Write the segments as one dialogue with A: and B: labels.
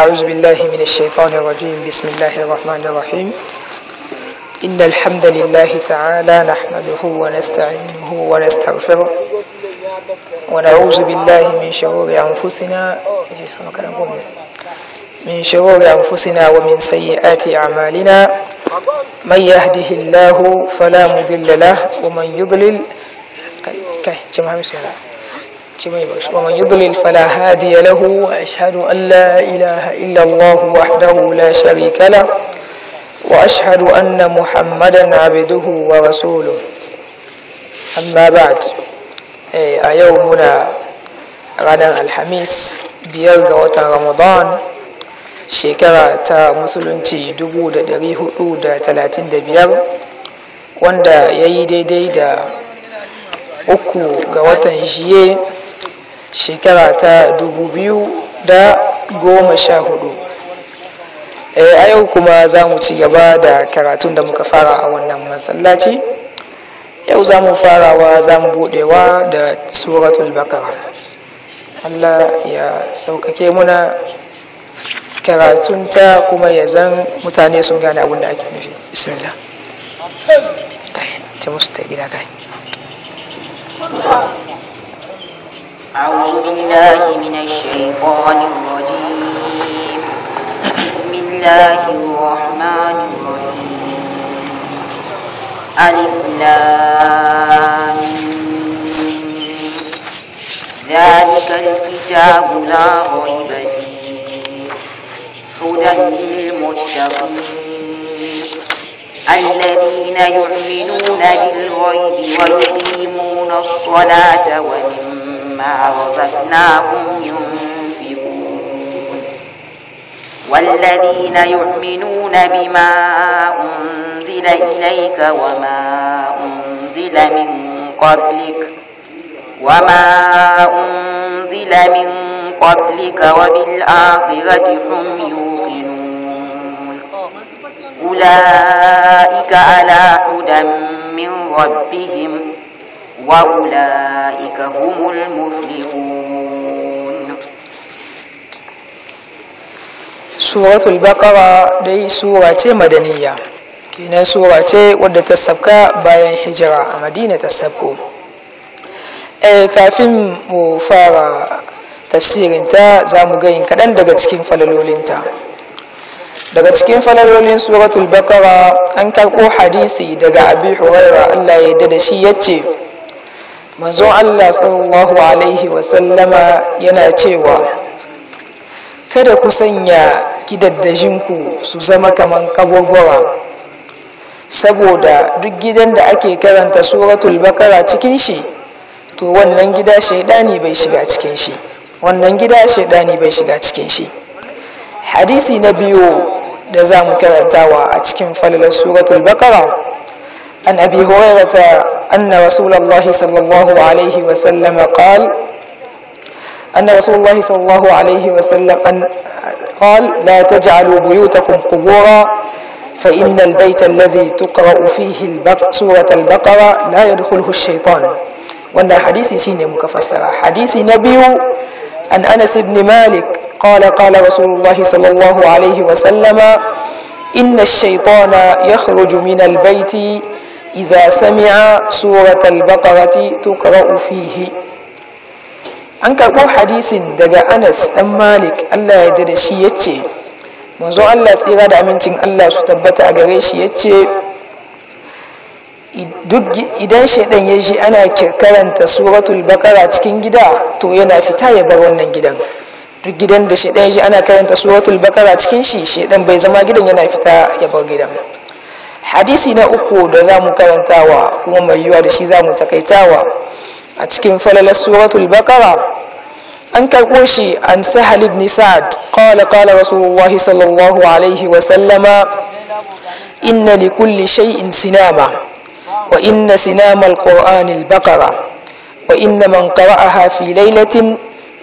A: أعوذ بالله من الشيطان الرجيم بسم الله الرحمن الرحيم إن الحمد لله تعالى نحمده ونستعينه ونستغفره ونعوذ بالله من شرور أنفسنا من شرور أنفسنا ومن سيئات أعمالنا من يهده الله فلا مضل له ومن يضلل كي كي ومن يضلل فلا هادي له وأشهد أن لا إله إلا الله وحده لا شريك له وأشهد أن محمدا عبده ورسوله أما بعد a yau muna ranar alhamis biyar ga watan ramadan shekara ta musulunci biyar. wanda ya yi daidai da uku ga watan shiye shekara ta dubu biyu da goma sha 2014 eh, a yau kuma za mu ci gaba da karatun da muka fara a wannan masallaci yau za mu farawa za mu budewa da suratul bakara allah ya saukake muna karatunta kuma ya zan mutane sun gane abin da ake nufi bismillah kai musu ta gida kai
B: أعوذ بالله من الشيطان الرجيم بسم الله الرحمن الرحيم ألف
A: ذلك
B: الكتاب لا ريب فيه هدى للمتقين الذين يؤمنون بالغيب ويقيمون
A: الصلاة ومما مما رزقناهم ينفقون
B: والذين يؤمنون بما أنزل إليك وما أنزل من قبلك وما أنزل من قبلك وبالآخرة هم يوقنون أولئك على هدى من ربهم وأولئك أولئك هم المفلحون
A: سورة البقرة دي سورة مدنية kenan sura ce wadda ta sabka bayan hijira a madina ta sabko Eh kafin mu fara tafsirinta za mu yin kaɗan daga cikin falalolinta daga cikin falalolin suratul bakara an karɓo hadisi daga abi huraira allah ya da shi ya ce manzon allah sallallahu alaihi wasallama yana cewa kada ku sanya gidaddajinku su zama kamar kabogowa saboda duk gidan da ake karanta suratul bakara cikin shi to wannan gida shaidani bai shiga cikin shi wannan gida shaidani bai shiga cikin shi hadisi na biyu da za mu karantawa a cikin falalar suratul bakara عن أبي هريرة أن رسول الله صلى الله عليه وسلم قال أن رسول الله صلى الله عليه وسلم أن قال لا تجعلوا بيوتكم قبورا فإن البيت الذي تقرأ فيه البق سورة البقرة لا يدخله الشيطان وأن حديث سين مكفسرة حديث نبي أن أنس بن مالك قال قال رسول الله صلى الله عليه وسلم إن الشيطان يخرج من البيت iza sami'a suratul baqarati tuqra'u fihi an karɓo hadisin daga anas ɗan malik allah ya da shi ya ce manzo allah tsira da amincin allah su tabbata a gare shi ya ce idan shaidan ya ji ana karanta suratul bakara cikin gida to yana fita ya bar wannan gidan duk gidan da shaidan ya ji ana karanta suratul bakara cikin shi shaidan bai zama gidan yana fita ya bar gidan hadisi na uku da zamu karantawa kuma mai yiwa da shi zamu takaitawa a cikin falal suratul baqara an karɓo shi an sahal ibn sa'd qala qala rasulullah sallallahu alaihi wa sallama inna li kulli shay'in sinama wa inna sinama alquran albaqara wa inna man qara'aha fi laylatin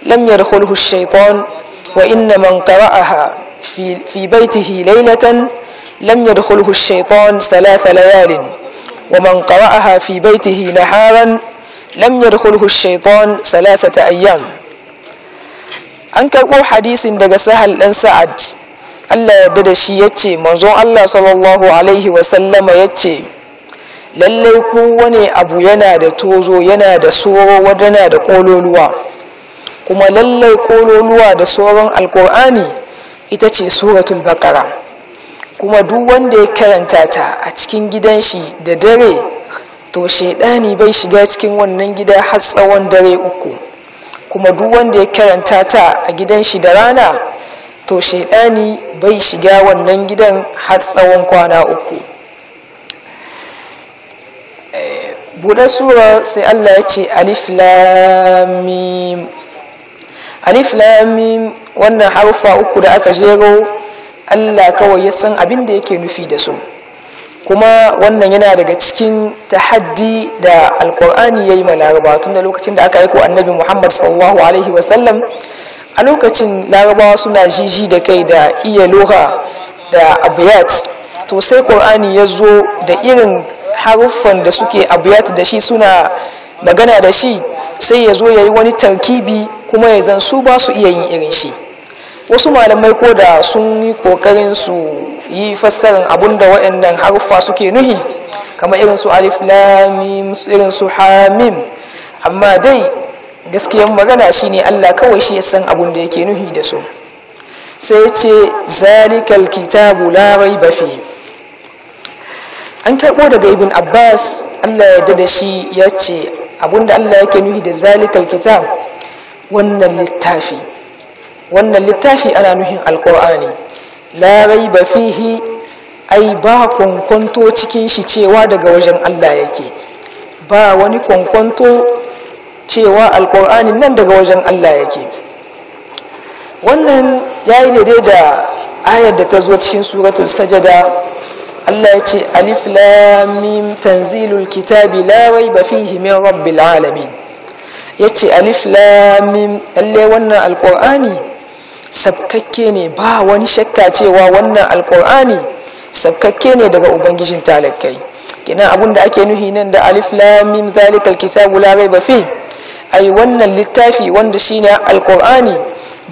A: lam yadkhulhu ash-shaytan wa inna man qara'aha fi fi baytihi laylatan لم يدخله الشيطان ثلاث ليال ومن قرأها في بيته نهارا لم يدخله الشيطان ثلاثة أيام an karɓo hadisin daga sahal ɗan sa'ad allah yadda da shi ya ce manzon allah sallallahu alaihi wasallama ya ce lallai kowane abu yana da tozo yana da soro wadana da ƙololuwa kuma lallai ƙololuwa da soron alkur'ani ita ce suratul bakara kuma duk wanda ya karanta ta a cikin gidan shi da dare to shaidani bai shiga cikin wannan gida har tsawon dare uku kuma duk wanda ya karanta ta a gidan shi da rana to shaidani bai shiga wannan gidan har tsawon kwana uku buɗe sura sai allah ya ce alif lamim wannan harufa uku da aka jero Allah kawai ya san abin da yake nufi da su kuma wannan yana daga cikin tahaddi da alkur'ani ya yi ma laraba tun da lokacin da aka aiko annabi muhammad sallallahu alaihi wasallam a lokacin larabawa suna jiji da kai da iya loha da abiyat to sai kur'ani ya zo da irin haruffan da suke abiyat da shi suna magana da shi sai ya zo ya yi wani tarkibi kuma ya zan su ba su iya yin irin shi wasu malamai ko da sun yi kokarin su yi fassarin abun da waɗannan haruffa suke nuhi kamar irin su alif lamim irin su hamim amma dai gaskiyan magana shine Allah kawai shi ya san abun da yake nuhi da su sai ce zalikal kitabu larai bafi an karɓo daga ibn abbas allah ya da shi ya ce da allah yake nuhi da zalikal kitab wannan littafi wannan littafi ana nuhin alkur'ani Larai ba fihi ai ba kwankwanto cikin shi cewa daga wajen Allah yake ba wani kwankwanto cewa alkur'ani nan daga wajen Allah yake wannan ya yi daidai da ayar da ta zo cikin suratul sajada Allah ya ce alif lamim tanzilul kitabi larai ba fihi min rabbil alamin ya ce alif lamim lalle wannan alkur'ani sabkakke ne ba wani shakka cewa wannan alkur'ani sabkakke ne daga ubangijin talakai kina abun da ake nuhi nan da alif lamim zalikal kitabu la raiba fi ai wannan littafi wanda shine alkur'ani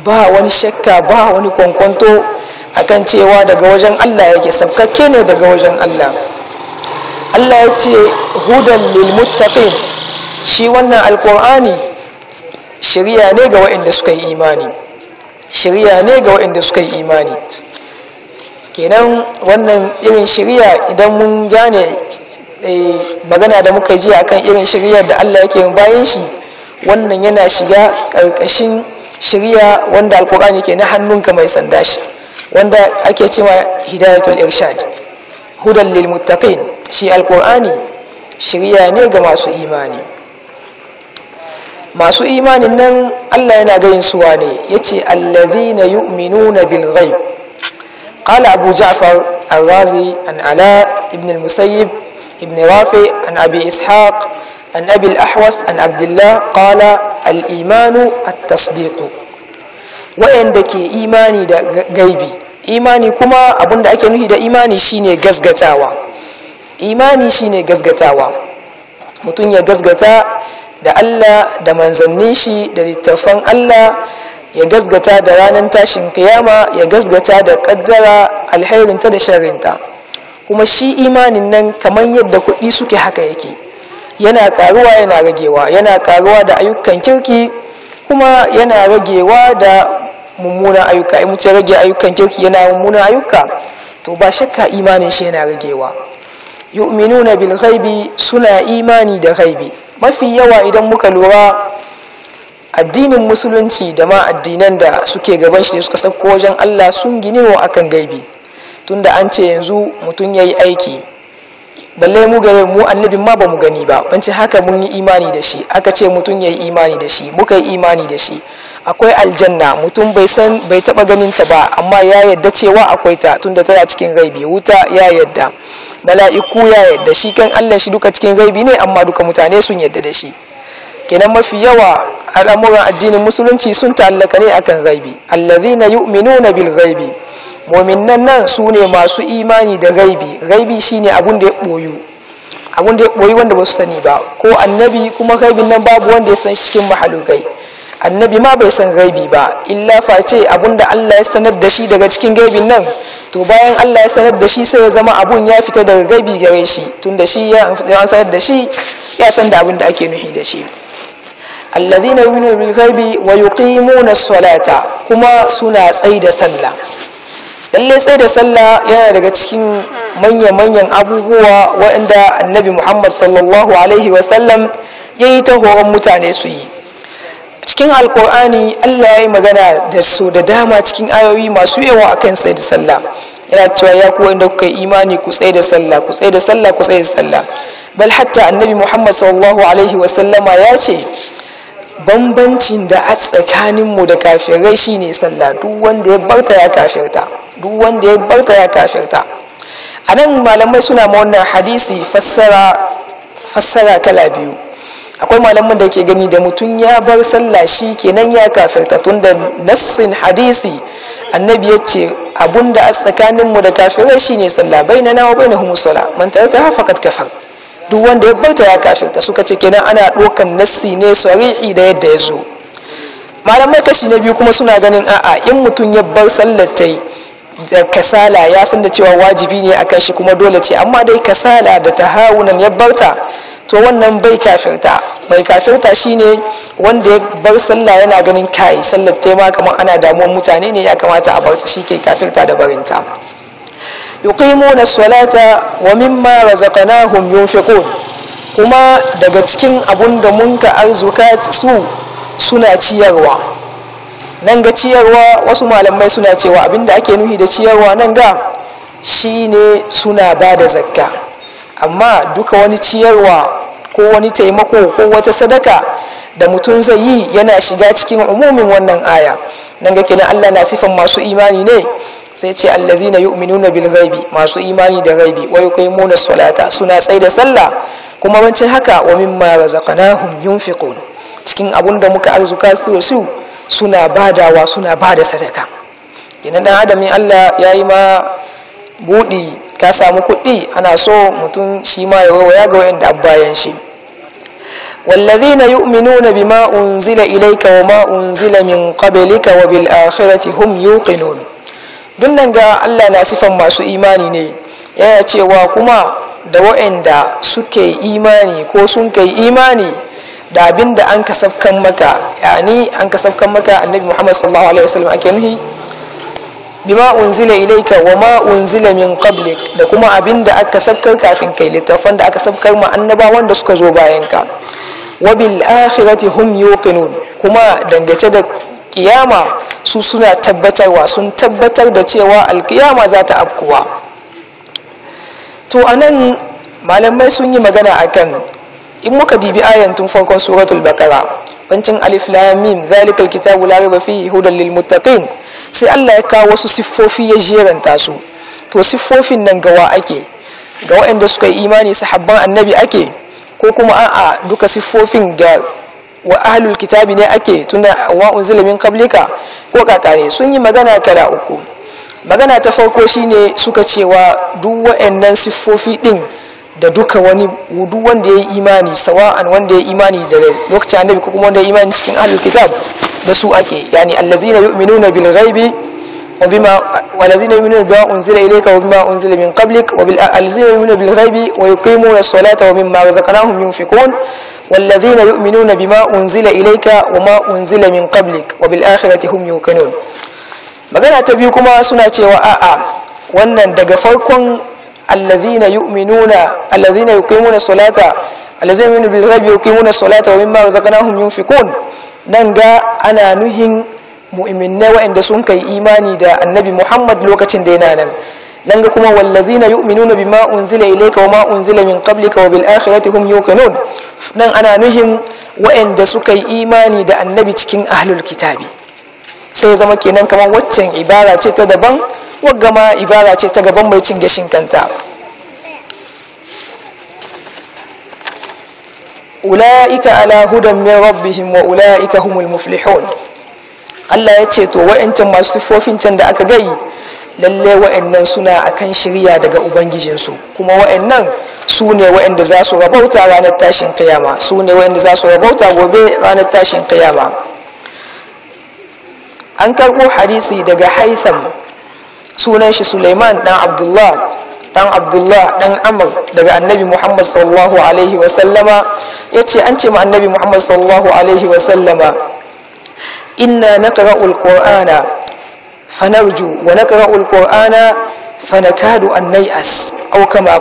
A: ba wani shakka ba wani kwankwanto akan cewa daga wajen Allah yake sabkakke ne daga wajen Allah Allah ya ce hudan lil shi wannan alkur'ani shirya ne ga waɗanda suka yi imani shirya ne ga waɗanda suka yi imani kenan wannan irin shirya idan mun gane eh, magana da muka ji akan irin shiryar da Allah yake bayan shi wannan yana shiga ƙarƙashin shirya wanda alkur'ani ke na hannunka mai sanda shi wanda ake cewa hidayatul irshad hudan lil muttaqin shi alkur'ani shirya ne ga masu imani masu imanin nan Allah yana gayin suwa ne ya ce allazina yu'minuna bil ghaib qala abu ja'far al-razi an ala ibn al ibn rafi an abi ishaq an abi al-ahwas an abdullah qala al-imanu at-tasdiq wayanda ke imani da gaibi imani kuma abinda ake nuhi da imani shine gasgatawa imani shine gasgatawa mutum ya gasgata da Allah da manzannin shi da littafan Allah ya gasgata da ranar tashin kiyama ya gasgata da kaddara alherinta da sharrinta kuma shi imanin nan kamar yadda kuɗi suke haka yake yana karuwa yana ragewa yana karuwa da ayyukan kirki kuma yana ragewa da mummunan ayyuka in mutum rage ayyukan kirki yana mummunan ayyuka to ba shakka imanin shi yana ragewa yu'minuna bil ghaibi suna imani da ghaibi mafi yawa idan muka lura addinin musulunci da ma addinan da suke gaban shi suka sauko wajen allah sun gini wa akan gaibi tunda an ce yanzu mutum ya yi aiki balle mu ga mu annabin ma ba mu gani ba an ce haka mun yi imani da shi aka ce mutum ya yi imani da shi muka yi imani da shi akwai aljanna mutum bai san bai taba ganin ta ba amma ya yadda cewa akwai ta tunda tana cikin gaibi wuta ya yadda mala'iku ya yadda shi kan Allah shi duka cikin gaibi ne amma duka mutane sun yadda da shi kenan mafi yawa al'amuran addinin musulunci sun ta'allaka ne akan gaibi allazina yu'minuna bil gaibi mu'minan nan su ne masu imani da gaibi gaibi shine abun ya boyu abun da ya boyu wanda ba su sani ba ko annabi kuma gaibin nan babu wanda ya san shi cikin mahalukai annabi ma bai san gaibi ba illa face da Allah ya sanar da shi daga cikin gaibin nan to bayan Allah ya sanar da shi sai ya zama abun ya fita daga gaibi gare shi da shi ya sanar da shi ya san da abin da ake nuhi da shi na yi bil gaibi wa yuqimuna na salata kuma suna tsai da sallah lalle tsai da sallah yana daga cikin manya-manyan abubuwa waɗanda annabi Muhammad sallallahu alaihi wa sallam yayi ta horon mutane su yi cikin alkur'ani allah ya yi magana da su da dama cikin ayoyi masu yawa akan tsaye da sallah yana cewa ya kuwa inda kuka imani ku tsaye da sallah ku tsaye da sallah ku tsaye da sallah bal hatta annabi muhammad sallallahu alaihi wasallama ya ce bambancin da a tsakaninmu da kafirai shine sallah duk wanda ya barta ya kafirta ya barta ya kafirta a nan malamai suna ma wannan hadisi fassara kala biyu akwai malamin da ke gani da mutum ya bar sallah shi kenan ya kafirta tun da nassin hadisi annabi ya ce abun da a tsakaninmu da kafirai ne sallah bai na nawa bai na humusala man tare ka hafa kafar duk wanda ya barta ya kafirta suka ce kenan ana dokan nassi ne sarihi da yadda ya zo malamai kashi na biyu kuma suna ganin a'a in mutum ya bar sallar ta da kasala ya san da cewa wajibi ne a kan shi kuma dole ce amma dai kasala da tahawunan ya barta to wannan bai kafirta mai kafirta shine wanda ya bar sallah yana ganin kai sallar taima kamar ana damuwar mutane ne ya kamata a barta shi ke kafirta da barinta yuqimuna salata wa mimma razaqnahum yunfiqun kuma daga cikin abun da mun ka arzuka su suna ciyarwa nan ga ciyarwa wasu malamai suna cewa abinda ake nuhi da ciyarwa nan ga shine suna ba da zakka amma duka wani ciyarwa ko wani taimako ko wata sadaka da mutum zai yi yana shiga cikin umumin wannan aya nan ga kenan Allah na sifan masu imani ne sai ce allazina yu'minuna bil ghaibi masu imani da ghaibi wa yuqimuna salata suna tsai da sallah kuma bancin haka wa mimma razaqnahum yunfiqun cikin abun da muka arzuka su su suna badawa suna bada sadaka kenan dan adamin Allah yayi ma budi ka samu kuɗi ana so mutum shi ma ya waya ga wayanda an bayan shi والذين يؤمنون بما أنزل إليك وما أنزل من قبلك وبالآخرة هم يوقنون duk nan ga Allah na sifan masu imani ne yana cewa kuma da waɗanda suke imani ko sun kai imani da abin da an kasafkan maka ni an kasafkan maka annabi Muhammad sallallahu alaihi wasallam ake nuhi bima unzila ilaika wa ma unzila min qablik da kuma abinda aka sabkar kafin kai littafan da aka sabkar ma annabawan da suka zo bayan ka wa bil akhirati hum yuqinun kuma dangace da kiyama su suna tabbatarwa sun tabbatar da cewa alkiyama za ta afkuwa to anan malamai sun yi magana akan in muka dibi ayan tun farkon suratul bakara bancin alif lam mim zalikal kitabu la raiba fihi hudan lil muttaqin sai Allah ya kawo wasu siffofi ya jeranta su to siffofin nan gawa ake ga waɗanda suka yi imani sahabban annabi ake ko kuma a'a duka siffofin ga wa ahlul kitabi ne ake tunda wa unzila min qablika ko kakane sun yi magana kala uku magana ta farko shine suka cewa duk waɗannan siffofi din da duka wani duk wanda ya yi imani sawa'an wanda ya yi imani da lokacin annabi ko kuma wanda ya yi imani cikin ahlul kitab da su ake yani allazina yu'minuna bil ghaibi wa bima walazina yu'minuna bima unzila ilayka wa bima unzila min qablik wa bil allazina yu'minuna bil ghaibi wa yuqimuna as-salata wa mimma razaqnahum yunfiqun والذين يؤمنون بما أنزل إليك وما أنزل من قبلك وبالآخرة هم يوقنون magana ta biyu kuma suna cewa a'a wannan daga farkon allazina yu'minuna allazina yuqimuna salata allazina yu'minuna bil ghaibi yuqimuna salata wa mimma razaqnahum yunfiqun nan ga ana nuhin mu'minne waɗanda sun kai imani da annabi muhammad lokacin da yana nan nan ga kuma wallazina na bima unzila ilayka wa ma unzila min qablika wa bil akhirati hum yuqinun nan ana nuhin waɗanda suka yi imani da annabi cikin ahlul kitabi sai zama kenan kamar waccan ibara ce ta daban wagga ma ibara ce ta gaban mai cin gashin kanta ula'ika ala hudan min rabbihim wa ula'ika humul muflihun Allah ya ce to wa'ancan masu siffofin can da aka gai lalle wa'annan suna akan shirya daga ubangijinsu kuma wa'annan su ne wa'anda za su rabauta ranar tashin kiyama su ne wa'anda za su rabauta gobe ranar tashin kiyama an karɓo hadisi daga haitham sunan shi suleiman dan abdullah dan abdullah dan amr daga annabi muhammad sallallahu alaihi wasallama ya ce an ce ma annabi muhammad sallallahu alaihi wasallama inna na kara'ul qur'ana fanarju wa na kara'ul qur'ana fanakadu an nai'as au kama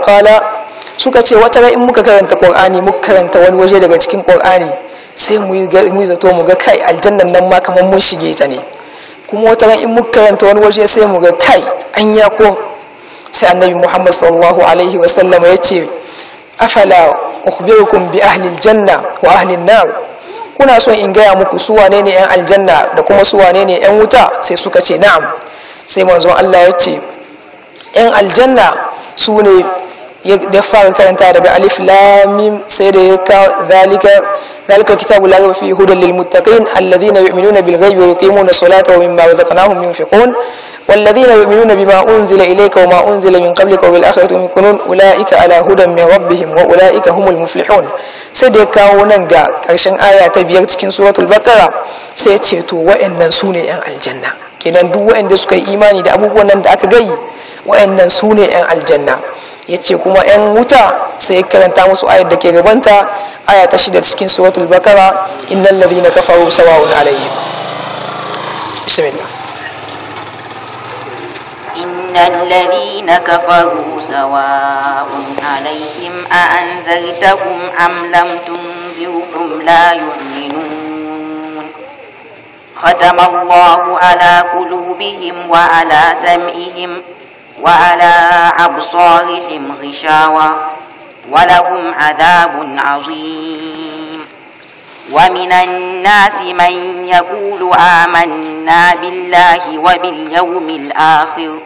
A: suka ce wata in muka karanta qur'ani muka karanta wani waje daga cikin qur'ani sai mu zato mu ga kai aljannan nan ma kamar mun shige ta ne kuma wata in muka karanta wani waje sai mu ga kai an ya ko sai annabi muhammad sallallahu alaihi wasallama ya ce afala ukhbirukum bi ahli aljanna wa ahli an-nar kuna son in gaya muku su wane ne yan aljanna da kuma su wane ne yan wuta sai suka ce na'am sai manzon Allah ya ce yan aljanna su ne ya fara karanta daga alif lamim sai da ya kawo zalika zalika kitabu la raiba fihi hudan lil muttaqin alladhina yu'minuna bil ghaibi wa yuqimuna as-salata wa mimma razaqnahum yunfiqun والذين يؤمنون بما أنزل إليك وما أنزل من قبلك وبالآخرة هم يكونون أولئك على هدى من ربهم وأولئك هم المفلحون سيدي كاونان غا كرشن آية تبيار تكين سورة البقرة سيتي تو وإنن سوني أن الجنة كنان دو وإن دسكي إيماني دا أبوبون نان دا أكغي وإنن سوني أن الجنة yace kuma 'yan wuta sai karanta musu ayar da ke gabanta aya ta shida cikin suratul bakara innal ladina kafaru sawa'un alaihim bismillah
B: الذين كفروا سواء عليهم أأنذرتهم أم لم تنذرهم لا يؤمنون ختم الله على قلوبهم وعلى سمعهم وعلى أبصارهم غشاوة ولهم عذاب عظيم ومن الناس من يقول آمنا بالله وباليوم الآخر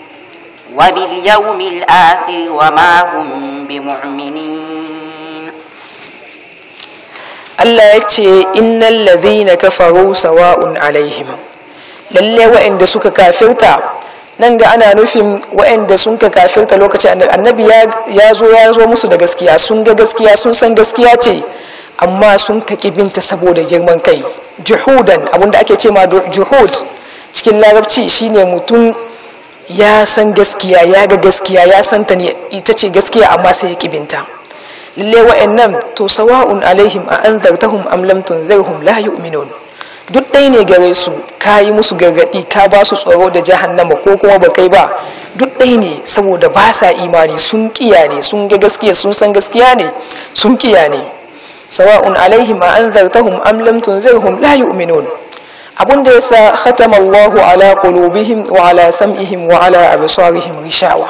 B: وباليوم الآخر وما هم بمؤمنين
A: الله يتي إن الذين كفروا سواء عليهم lalle wa'anda suka kafirta nan ga ana nufin wa'anda sun ka kafirta lokacin annabi ya zo ya zo musu da gaskiya sun ga gaskiya sun san gaskiya ce amma sun ka binta saboda girman kai juhudan abinda ake ce juhud cikin larabci shine mutum ya san gaskiya ya ga gaskiya ya san ta ne ita ce gaskiya amma sai ya kibinta lalle wa'annan to sawa'un alaihim a an zartahum am lam tunzirhum la yu'minun duk ɗaya ne gare su ka yi musu gargaɗi ka ba su tsoro da jahannama ko kuma ba kai ba duk ɗaya ne saboda ba sa imani sun kiya ne sun ga gaskiya sun san gaskiya ne sun kiya ne sawa'un alaihim a an zartahum am lam tunzirhum la yu'minun abun da yasa khatama Allahu ala qulubihim wa ala sam'ihim wa ala absarihim rishawa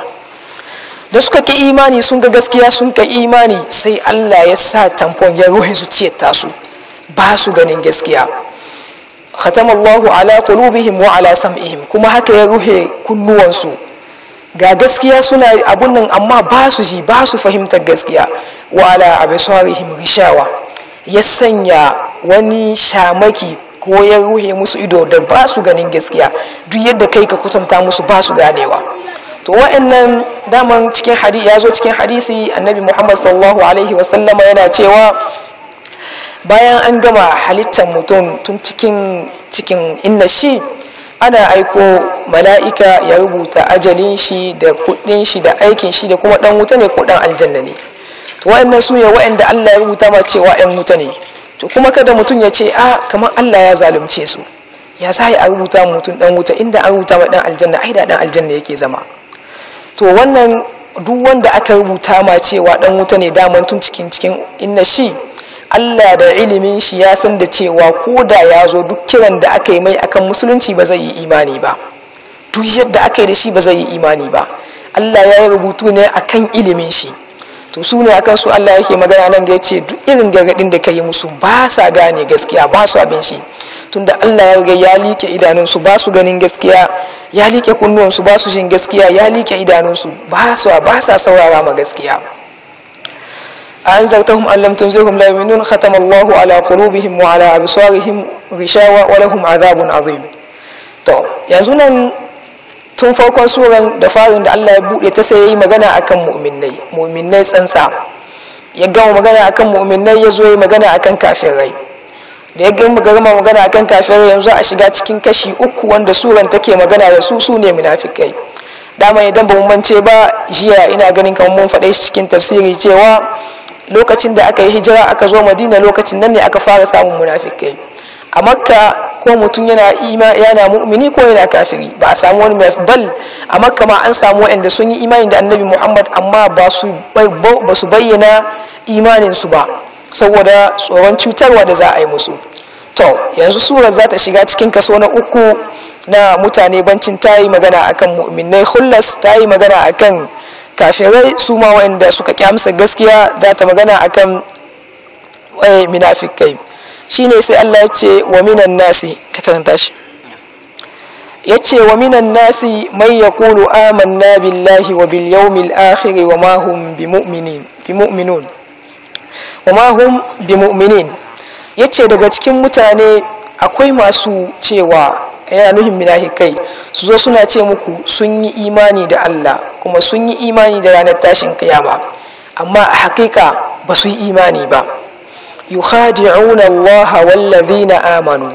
A: da suka ki imani sun ga gaskiya sun ka imani sai Allah ya sa tamfon ya ruhe zuciyar tasu ba su ganin gaskiya khatama Allahu ala qulubihim wa ala sam'ihim kuma haka ya ruhe kunnuwansu ga gaskiya suna abun nan amma ba su ji ba su fahimtar gaskiya wa ala absarihim rishawa ya sanya wani shamaki ko ya ruhe musu ido da ba su ganin gaskiya duk yadda kai ka kutanta musu ba su ganewa to wa'annan daman cikin hadisi ya zo cikin hadisi annabi muhammad sallallahu alaihi wasallama yana cewa bayan an gama halittar mutum tun cikin cikin inna shi ana aiko mala'ika ya rubuta ajalin shi da kudin shi da aikin shi da kuma dan wuta ne ko dan aljanna ne to wa'annan su ne wa'anda Allah ya rubuta ma cewa 'yan wuta ne to kuma kada mutum ya ce a ah, kamar Allah ya zalunce su ya yi a rubuta mutum dan wuta inda an rubuta ma dan aljanna ai da dan aljanna yake zama to wannan duk wanda aka rubuta ma cewa dan wuta ne daman tun cikin cikin inna shi Allah da ilimin shi ya san da cewa ko da ya zo duk kiran da aka yi mai akan musulunci ba zai yi imani ba duk yadda aka yi da shi ba zai yi imani ba Allah ya yi rubutu ne akan ilimin shi to su ne akan su Allah yake magana nan ga yace duk irin gargadin da ka yi musu ba sa gane gaskiya ba su abin shi tunda Allah ya riga ya like idanun su ba su ganin gaskiya ya like kunnuwan su ba su jin gaskiya ya like idanun su ba su ba sa saurara ma gaskiya أنذرتهم la yu'minun تنذرهم Allah ala qulubihim wa ala absarihim وعلى wa lahum ولهم عذاب to yanzu nan. tun farkon suran da farin da Allah ya buɗe ta sai ya yi magana akan mu'minnai mu'minnai tsansa ya gama magana akan mu'minnai ya zo ya magana akan kafirai da ya gama garama magana akan kafirai yanzu a shiga cikin kashi uku wanda suran take magana da su su ne munafikai dama idan ba mu mance ba jiya ina ganin kamar mun faɗa cikin tafsiri cewa lokacin da aka yi hijira aka zo madina lokacin nan ne aka fara samun munafikai a makka ko mutum yana ima yana mu'mini ko yana kafiri ba a samu wani mai bal a makka ma an samu wa'anda sun yi imani da annabi muhammad amma ba su bayyana imanin su ba saboda tsoron cutarwa da za a yi musu to yanzu sura za ta shiga cikin kaso na uku na mutane bancin ta yi magana akan mu'minai hullas ta yi magana akan kafirai su ma wa'anda suka kyamsa gaskiya za ta magana akan eh, minafikai shine sai Allah ya ce wa minan nasi ta karanta shi ya ce wa minan nasi mai ya kulu amanna billahi wa bil yawmil akhir wa ma hum bi mu'minun wa ma bi mu'minin ya ce daga cikin mutane akwai masu cewa yana nuhin minahikai su zo suna ce muku sun yi imani da Allah kuma sun yi imani da ranar tashin kiyama amma a hakika ba su yi imani ba yukhadi'una Allah wallazina amanu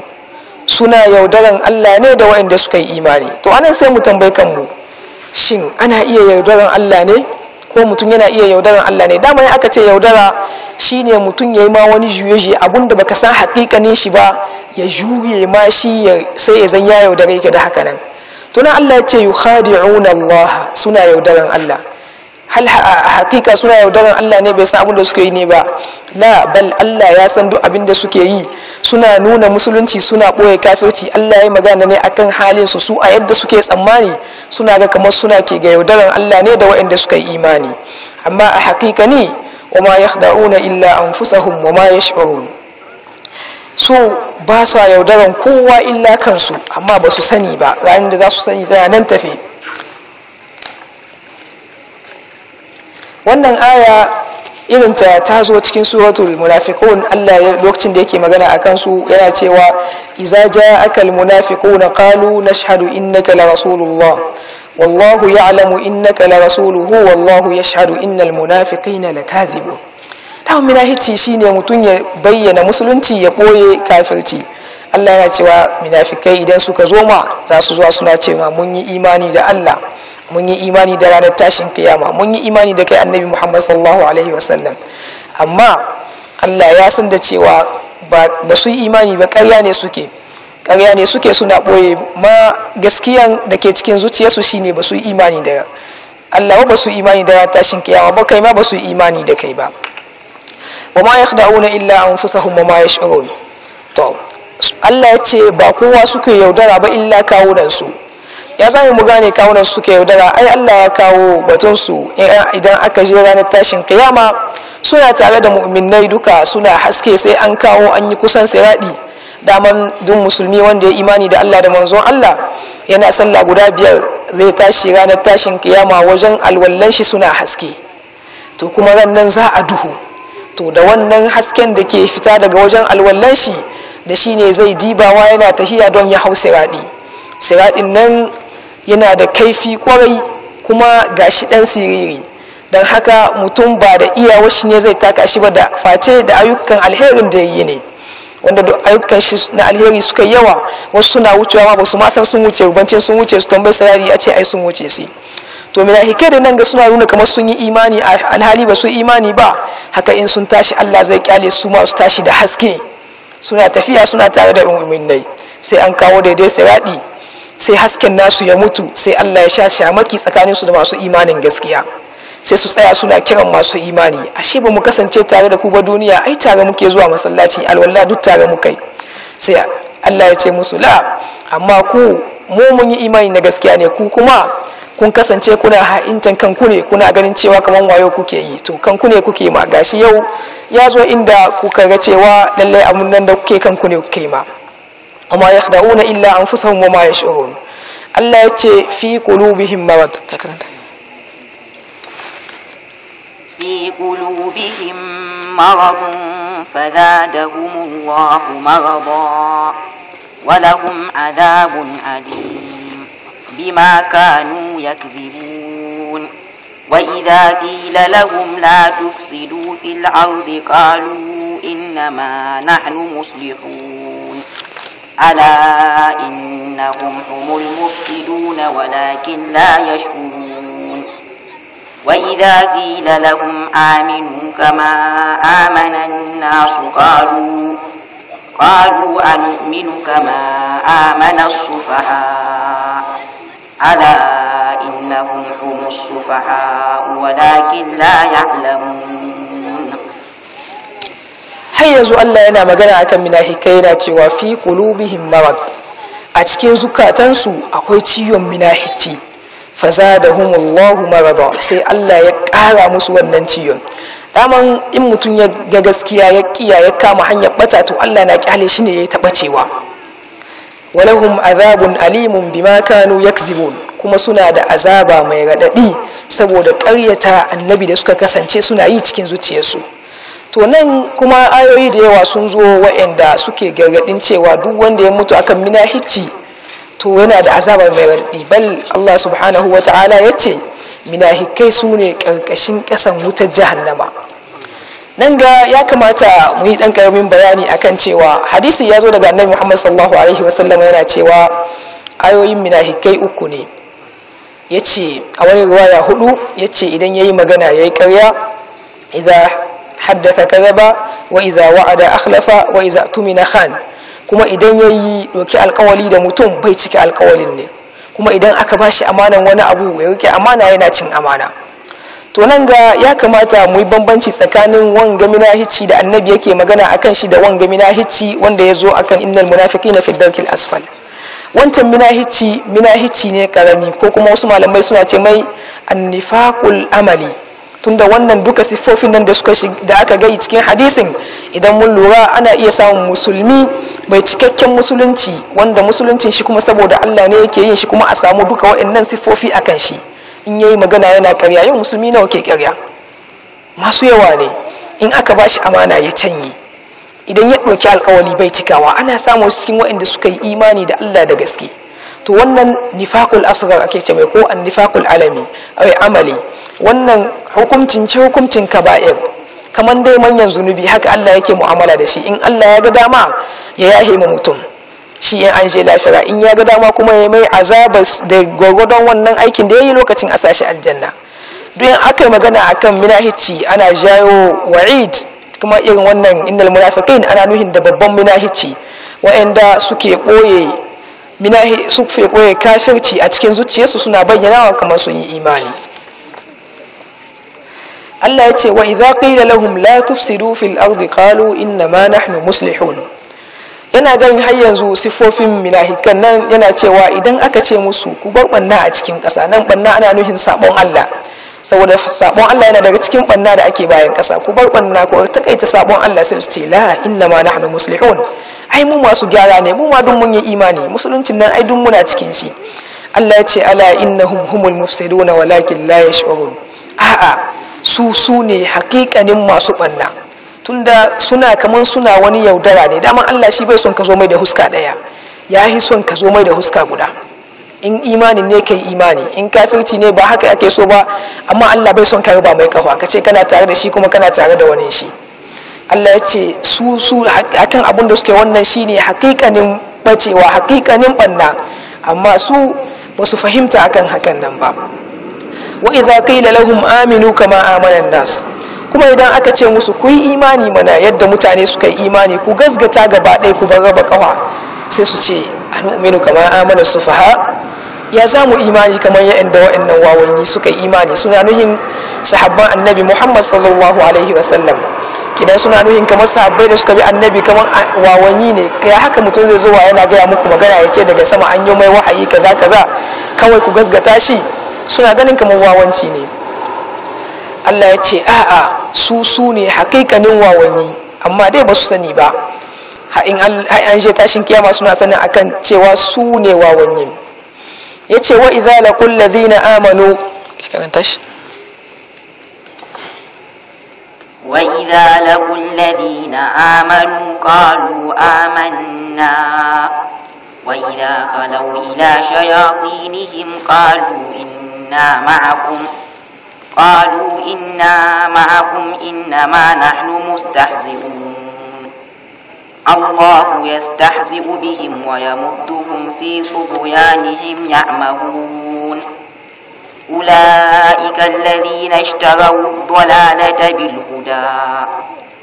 A: suna yaudaran Allah ne da waɗanda suka yi imani to anan sai mu tambayi kanmu shin ana iya yaudaran Allah ne ko mutum yana iya yaudaran Allah ne dama ne aka ce yaudara shine mutum yayi ma wani juyeje abunda abinda baka san hakikanin shi ba ya juye ma shi sai ya zan ya yaudare ka da haka nan to nan Allah ya ce yukhadi'una Allah suna yaudaran Allah hal hakika suna yaudaran Allah ne bai san abin da suke yi ne ba la bal Allah ya san duk abin da suke yi suna nuna musulunci suna ɓoye kafirci Allah ya magana ne akan halin su su a yadda suke tsammani suna ga kamar suna ke ga yaudaran Allah ne da waɗanda suka yi imani amma a hakika ne wa ma yakhda'una illa anfusahum wa ma yash'urun so ba sa yaudaran kowa illa kansu amma ba su sani ba ranar da za su sani tana nan tafi wannan aya irinta ta zo cikin suratul munafiqun Allah lokacin da yake magana akan su yana cewa iza jaa akal munafiquna qalu nashhadu innaka la rasulullah wallahu ya'lamu innaka la rasuluhu wallahu yashhadu innal munafiqina lakathibun tawon minahici shine mutum ya bayyana musulunci ya boye kafirci Allah yana cewa munafikai idan suka zo ma za su zuwa suna cewa mun yi imani da Allah mun yi imani da ranar tashin kiyama mun yi imani da kai annabi muhammad sallallahu alaihi wasallam amma allah ya san da cewa ba su yi imani ba karya ne suke karya ne suke suna ɓoye ma gaskiyan da ke cikin zuciyarsu shine ba su yi imani da allah ba su yi imani da ranar tashin kiyama ba kai ma ba su yi imani da kai ba wa ma yakhda'una illa anfusahum wa ma yash'urun to allah ya ce ba kowa suke yaudara ba illa kawunan su. ya za mu gane kawunan suke yaudara ai Allah ya kawo batunsu eh, idan aka je ranar tashin kiyama suna tare da mu'minnai duka suna haske sai an kawo an yi kusan siradi daman duk musulmi wanda ya imani da Allah da manzon Allah yana sallah guda biyar zai tashi ranar tashin kiyama wajen alwallan shi suna haske to kuma ran za a duhu to da wannan hasken da ke fita daga wajen alwallan shi da shine zai dibawa yana tahiya don ya hau siradi siraɗin nan yana da kaifi kwarai kuma ga shi ɗan siriri don haka mutum ba da iya shi ne zai taka shi ba da face da ayyukan alherin da yi ne wanda duk ayyukan shi na alheri suka yawa wasu suna wucewa ma ba su san sun wuce rubancin sun wuce su tambayi sarari a ce ai sun wuce su to mina hike da nan ga suna nuna kamar sun yi imani a alhali ba su imani ba haka in sun tashi Allah zai kyale su ma su tashi da haske suna tafiya suna tare da umumin sai an kawo daidai siradi sai hasken nasu ya mutu sai Allah ya sha shamaki tsakanin su da masu imanin gaskiya sai su tsaya suna kiran masu imani ashe ba mu kasance tare da ku ba duniya ai tare muke zuwa masallaci alwala duk tare mu kai sai Allah ya ce musu la amma ku mu mun yi imani na gaskiya ne ku kuma kun kasance kuna ha'intan kanku ne kuna ganin cewa kamar wayo kuke yi to kanku ne kuke ma gashi yau ya zo inda kuka ga cewa lallai abun nan da kuke kanku ne kuke ma وما يخدعون إلا أنفسهم وما يشعرون الله يتشي في قلوبهم مرض
B: في قلوبهم مرض فزادهم الله مرضا ولهم عذاب أليم بما كانوا يكذبون
A: وإذا
B: قيل لهم لا تفسدوا في الأرض قالوا إنما نحن مصلحون ألا إنهم هم المفسدون ولكن لا يشعرون وإذا قيل لهم آمنوا كما آمن الناس قالوا قالوا أنؤمن كما آمن السفهاء ألا إنهم هم
A: السفهاء ولكن لا
B: يعلمون
A: har yanzu Allah yana magana akan minahikai yana cewa fi qulubihim marad a cikin zukatansu akwai ciwon minahici fazadahum Allahu marada sai Allah ya ƙara musu wannan ciwon daman in mutum ya ga gaskiya ya kiya ya kama hanyar bata to Allah na kyale shi ne ya ta bacewa walahum azabun alimun bima kanu yakzibun kuma suna da azaba mai radadi saboda ƙaryata annabi da suka kasance suna yi cikin zuciyarsu to nan kuma ayoyi da yawa sun zo waɗanda suke gargadin cewa duk wanda ya mutu akan mina hicci to yana da azaba mai raɗi bal Allah subhanahu wa ta'ala ya ce minahikai su ne ƙarƙashin ƙasan wutar jahannama nan ga ya kamata mu yi ɗan ƙaramin bayani akan cewa hadisi ya zo daga annabi muhammad sallallahu alaihi wa sallam yana cewa ayoyin minahikai uku ne ya ce a wani ruwaya hudu ya ce idan ya yi magana ya yi ƙarya idan haddasa kazaba wa iza wa'ada akhlafa wa iza tumina khan kuma idan yayi doki alkawali da mutum bai cike alkawalin ne kuma idan aka bashi amanan wani abu ya rike amana yana cin amana to nan ga ya kamata mu yi bambanci tsakanin wanga hicci da annabi yake magana akan shi da wanga minahici wanda ya zo akan innal munafiqina fi dawkil asfal wancan minahici minahici ne karami ko kuma wasu malamai suna ce mai annifaqul amali tunda wannan duka siffofin nan da suka da aka gai cikin hadisin idan mun lura ana iya samun musulmi bai cikakken musulunci wanda musuluncin shi kuma saboda Allah ne yake yin shi kuma a samu duka waɗannan siffofi kan shi in yayi magana yana ƙarya yau musulmi nawa ke ƙarya masu yawa ne in aka ba shi amana ya canye idan ya ɗauki alkawali bai cikawa ana samun cikin waɗanda suka yi imani da Allah da gaske to wannan nifakul asghar ake ce mai ko an nifakul alami ai amali wannan hukuncin ce hukuncin kaba'ir kamar dai manyan zunubi haka Allah yake mu'amala da shi in Allah ya ga dama ya yahe mu mutum shi in an je lafira in ya ga dama kuma ya mai azaba da gwagwadon wannan aikin da ya yi lokacin a sashi aljanna duk aka yi magana akan minahici ana jayo wa'id kuma irin wannan innal munafiqin ana nuhin da babban minahici wa'anda suke koye minahi suke koye kafirci a cikin zuciyarsu suna bayyanawa kamar sun yi imani Allah ya ce wa idza qila lahum la tufsidu fil ardi qalu inna ma nahnu muslihun yana ganin har yanzu sifofin minahikan nan yana cewa idan aka ce musu ku bar banna a cikin kasa nan banna ana nufin sabon Allah saboda sabon Allah yana daga cikin banna da ake bayan kasa ku bar banna ku takaita sabon Allah sai su ce la inna ma nahnu muslihun ai mu masu gyara ne mu ma duk mun yi imani musuluncin nan ai duk muna cikin shi Allah ya ce ala innahum humul mufsiduna walakin la yash'urun a'a su su ne hakikanin masu ɓanna tunda suna kamar suna wani yaudara ne dama Allah shi bai son ka zo mai da huska daya ya yi son ka zo mai da huska guda in imani ne kai imani in kafirci ne ba haka ake so ba amma Allah bai son ka ba mai kafa kace kana tare da shi kuma kana tare da wani shi Allah ya ce su su hakan abin da suke wannan shine hakikanin bacewa hakikanin banna amma su ba su fahimta akan hakan nan ba wa idza qila lahum aminu kama amana nas kuma idan aka ce musu ku yi imani mana yadda mutane suka yi imani ku gazgata gaba ɗaya ku bar raba kawa sai su ce anu'minu kama amana sufaha ya zamu mu imani kamar inda waɗannan wawanni suka yi imani suna nuhin sahabban annabi muhammad sallallahu alaihi wasallam kidan suna nuhin kamar sahabbai da suka bi annabi kaman wawanni ne kai haka mutum zai zuwa yana gaya muku magana ya ce daga sama an yi mai wahayi kaza kaza kawai ku gasgata shi suna ganin kamar wawanci ne allah ya ce a'a su su ne hakikanin wawanni amma dai ba su sani ba hain an je tashin kiyama suna sanin akan cewa su ne wawanni ya ce wa izala laqul na amanu
B: وإذا لقوا الذين آمنوا قالوا آمنا وإذا خلوا إلى شياطينهم قالوا إن إنا معكم قالوا إنا معكم إنما نحن مستهزئون الله يستهزئ بهم ويمدهم في طغيانهم يعمهون أولئك الذين اشتروا الضلالة بالهدى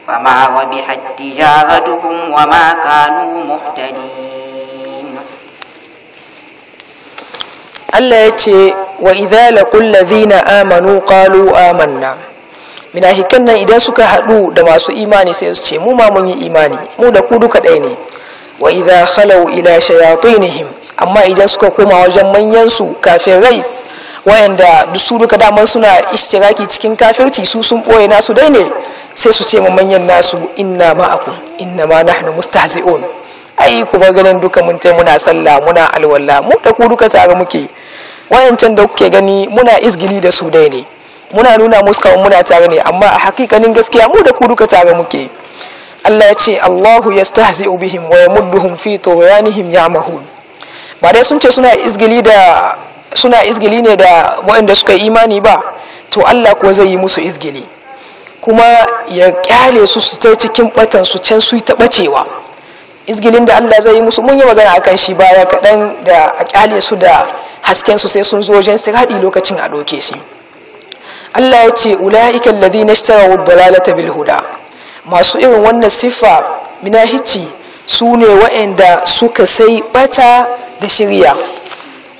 B: فما ربحت تجارتهم وما كانوا مهتدين
A: Allah ya ce wa la kulla zina amanu kalu amanna minahikan nan idan suka haɗu da masu imani sai su ce mu ma mun yi imani mu da ku duka ɗaya ne wa idza khalau ila shayatinihim amma idan suka koma wajen manyan su rai wayanda duk su duka daman suna ishtiraki cikin kafirci su sun ɓoye nasu dai ne sai su ce ma manyan nasu inna ma'akum inna ma nahnu mustahzi'un ai kuma ganin duka mun muna sallah muna alwala mu da ku duka tare muke wayancan da kuke gani muna izgili da su dai ne muna nuna musu kamar muna tare ne amma a hakikanin gaskiya mu da ku duka tare muke Allah ya ce Allahu yastahzi'u bihim wa yamudduhum fi tughyanihim ya'mahun ba dai sun ce suna izgili da suna izgili ne da waɗanda suka yi imani ba to Allah kuwa zai yi musu izgili kuma ya kyale su su ta cikin batan can su ta bacewa izgilin da Allah zai yi musu mun yi magana akan shi baya kaɗan da a kyale su da hasken su sai sun zo wajen haɗi lokacin a ɗauke shi Allah ya ce ula'ika alladhina ishtaraw dalalata bil huda masu irin wannan siffa minahici su ne waɗanda suka sai bata da shirya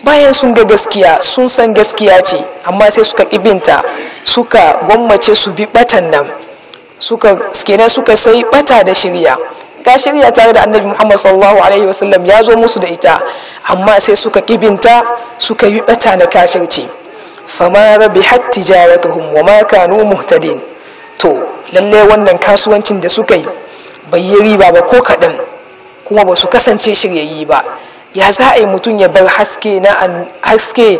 A: bayan sun ga gaskiya sun san gaskiya ce amma sai suka kibinta suka gwammace su bi batan nan suka kenan suka sai bata da shirya ta shirya tare da annabi muhammad sallallahu alaihi wasallam ya zo musu da ita amma sai suka kibinta suka yi bata na kafirci fama rabihat jawatuhum wa ma kanu muhtadin to lalle wannan kasuwancin da suka yi bai yi riba ba ko kaɗan kuma ba su kasance shiryayi ba ya za a yi mutum ya bar haske na haske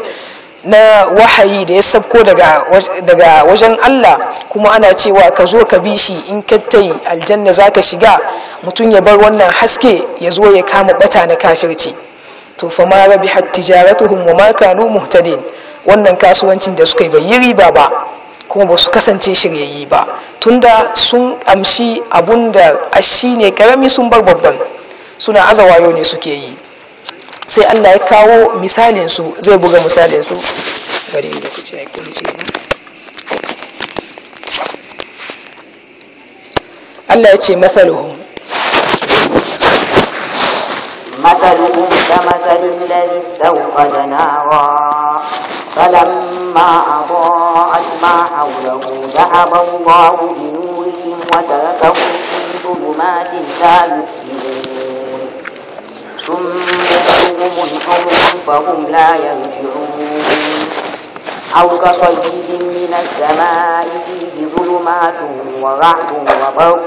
A: na wahayi da ya sabko daga wajen Allah kuma ana cewa ka zo ka bi shi in ka aljanna za ka shiga mutum ya bar wannan haske ya zo ya kama bata na kafirci to fa ma rabihat tijaratuhum wa ma kanu muhtadin wannan kasuwancin da suka yi bai yi riba ba kuma ba su kasance shiryayi ba tunda sun amshi abun da ashi ne karami sun bar babban suna azawayo ne suke yi sai Allah ya kawo misalin su zai buga misalin su gari da kuce ai kunce Allah ya ce mathaluhum
B: مثلهم كمثل الذي استوقد نارا فلما أضاءت ما حوله ذهب الله بنورهم وتركهم في ظلمات لا يبصرون ثم منهم فهم لا يرجعون أو كصيب من السماء فيه ظلمات ورعد وبرق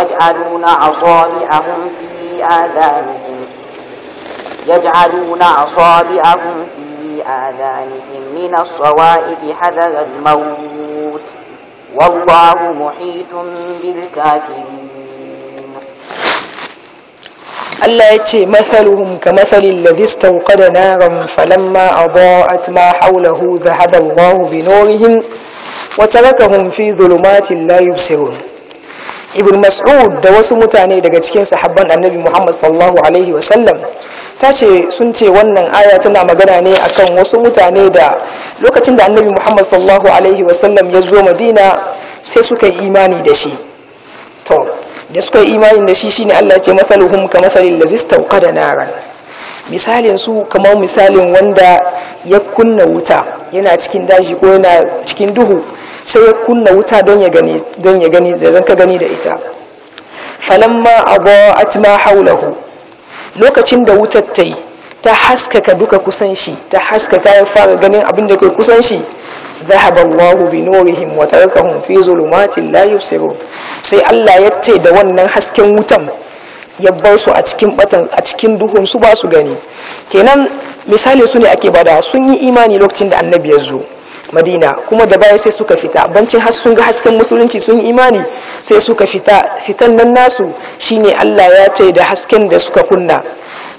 B: يجعلون أصابعهم في آذانهم يجعلون أصابعهم في آذانهم من الصوائب حذر
A: الموت
B: والله محيط بالكافرين
A: الله يأتي مثلهم كمثل الذي استوقد نارا فلما أضاءت ما حوله ذهب الله بنورهم watarakahum fi ظلمات la يبصرون ibn mas'ud da wasu mutane daga cikin sahabban annabi muhammad sallallahu alaihi wasallam ta ce sun ce wannan aya tana magana ne akan wasu mutane da lokacin da annabi muhammad sallallahu alaihi wasallam ya zo madina sai suka yi imani da shi to da suka yi imani da shi shine allah ce mathaluhum ka mathalil ladzi istawqada naran misalin su kamar misalin wanda ya kunna wuta yana cikin daji ko yana cikin duhu sai ya kunna wuta don ya gani zai zanka gani zan ka gani da ita falamma adaat haulahu lokacin da wutar ta yi ta haskaka duka kusan shi ta haskaka ya fara ganin abin da kai kusan shi ذهب الله بنورهم وتركهم في ظلمات لا siro sai Allah ya ce da wannan hasken wutan ya bar su a cikin batan a cikin duhun su ba su gani kenan misali su ne ake bada sun yi imani lokacin da annabi ya zo madina kuma da baya sai suka fita bancin har sun ga hasken musulunci sun yi imani sai suka fita fitan nan nasu shine allah ya tai da hasken da suka kunna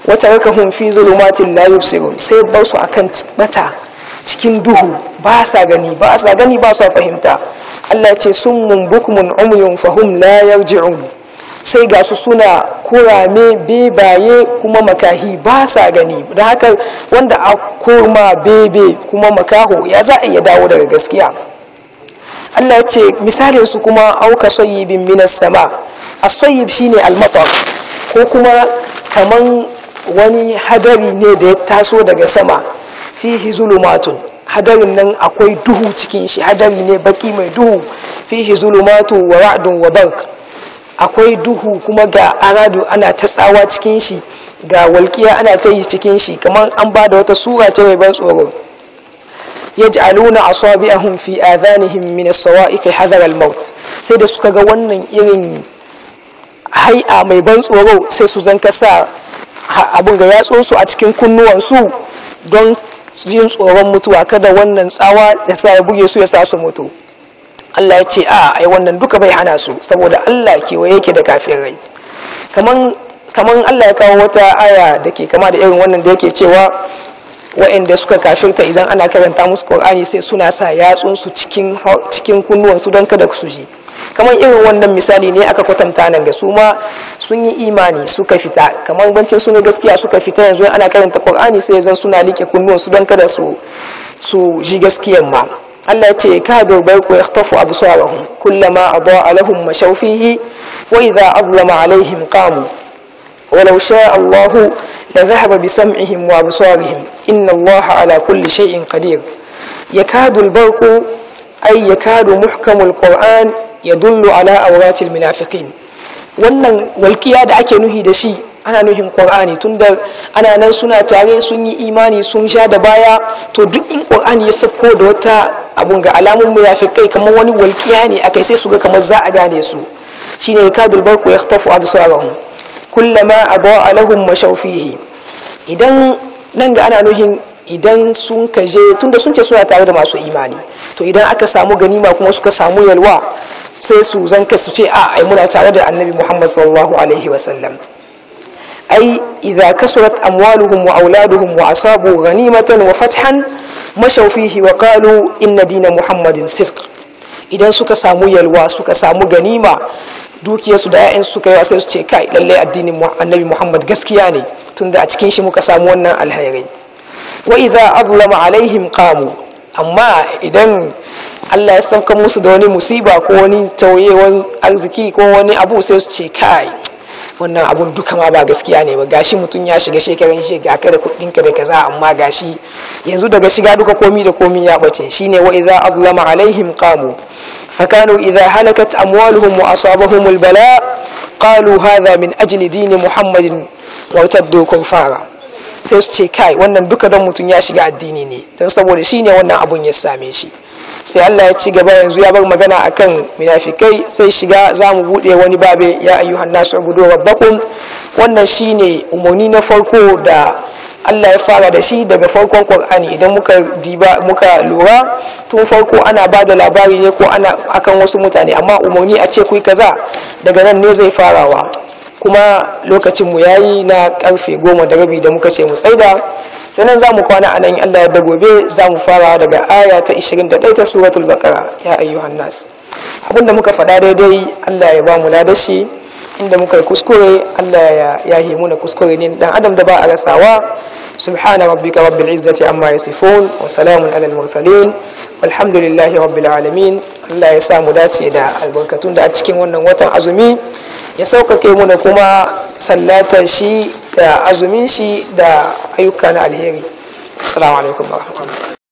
A: wata rakahun fi zulumatin la yubsirun sai ba su akan mata cikin duhu ba sa gani ba sa gani ba sa fahimta allah ce sun mun bukmun umrun fahum la yarji'un sai ga su suna kurame bebaye kuma makahi ba sa gani da haka wanda a kurma bebe kuma makaho ya za a iya dawo daga gaskiya Allah ce misalin su kuma auka soyibin minas sama a soyib shine al ko kuma kaman wani hadari ne da ya taso daga sama fihi zulumatun hadarin nan akwai duhu cikin shi hadari ne baki mai duhu fihi zulumatu wa ra'adun wa bank akwai duhu kuma ga aradu ana ta tsawa cikin shi ga walƙiya ana ta yi cikin shi kamar an ba da wata sura ta mai ban tsoro a asabi'ahum a hunfi a zanihin sawaiqi hadar hazar almaut sai da suka ga wannan irin hai'a mai ban tsoro sai su zanka sa abin ga yatsun su a cikin kunnuwansu don yin tsoron mutuwa kada wannan tsawa ya sa ya buge su ya sa su mutu Allah ya ce a ai wannan duka bai hana su saboda Allah kewaye yake da kafirai kaman kaman Allah ya kawo wata aya da ke kama da irin wannan da yake cewa wa'inda suka kafirta idan ana karanta musu Qur'ani sai suna sa yatsunsu cikin cikin kunnuwansu don kada su ji kamar irin wannan misali ne aka kwatanta nan ga su ma sun yi imani suka fita kamar bancin sun yi gaskiya suka fita yanzu ana karanta qur'ani sai zan suna like kunnuwan su don kada su su ji gaskiyan ma Allah ya ce ka dogbar ku ya tafi abu su a hun kullama a zuwa alahun mashaufihi wai za a zulama alaihim kamu walau sha Allahu la zahaba bi sam'ihim wa absarihim inna Allah ala kulli shay'in qadir ya kadu albarku ay ya kadu muhkamul qur'an yadullu ala awratil munafiqin wannan walkiya da ake nuhi da shi ana nuhin qur'ani tunda ana nan suna tare sun yi imani sun sha da baya to duk in qur'ani ya sako da wata abun ga alamun kai kamar wani walƙiya ne akai sai su ga kamar za a gane su shine kadul barku yaktafu a kullama a lahum alahun mashaufihi idan nan ga ana nuhin idan sun kaje tunda sun ce suna tare da masu imani to idan aka samu ganima kuma suka samu yalwa sai su zanka su ce a ai muna tare da annabi muhammad sallallahu alaihi wasallam ai idza kasurat amwaluhum wa auladuhum wa asabu ghanimatan wa fathan mashau fihi wa kalu inna dina muhammadin sirk idan suka samu yalwa suka samu ganima dukiyarsu da 'ya'yan suka yi sai su ce kai lallai addinin annabi muhammad gaskiya ne tunda a cikin shi muka samu wannan alhairai wa idza azlama alaihim qamu amma idan Allah ya sauka musu da wani musiba ko wani wani arziki ko wani abu sai su ce kai wannan abun duka ma ba gaskiya ne ba gashi mutum ya shiga shekaran shi ga ka da kuɗin ka da kaza amma gashi yanzu daga shiga duka komi da komi ya bace shine wa idza azlama alaihim qamu kanu idza halakat amwaluhum wa asabahum albala qalu hadha min ajli dini muhammadin wa taddu fara sai su ce kai wannan duka don mutum ya shiga addini ne don saboda shine wannan abun ya same shi sai Allah ya ci gaba yanzu ya bar magana akan munafikai sai shiga za mu buɗe wani babe ya ayyuhan nasu ubudu rabbakum wannan shine umarni na farko da Allah ya fara da shi daga farkon Qur'ani idan muka lura tun farko ana ba da labari ne ko ana akan wasu mutane amma umarni a ce kui kaza daga nan ne zai farawa kuma lokacin mu yayi na karfe goma da rabi da muka ce mu tsaida sanan za mu kwana a nan Allah yadda gobe za mu fara daga aya ta 21 ta suratul baqara ya ayyuhan nas abinda muka faɗa daidai Allah ya ba mu ladashi inda muka yi kuskure Allah ya yahe mu na kuskure ne dan adam da ba a rasawa سبحان ربك رب العزة عما يصفون وسلام على المرسلين والحمد لله رب العالمين الله يسامو داتي دا البركتون دا أتكين ونن وطن أزمي يسوك كيمون كما سلاتا شي دا أزمي شي دا أيوكان الهيري السلام عليكم ورحمة الله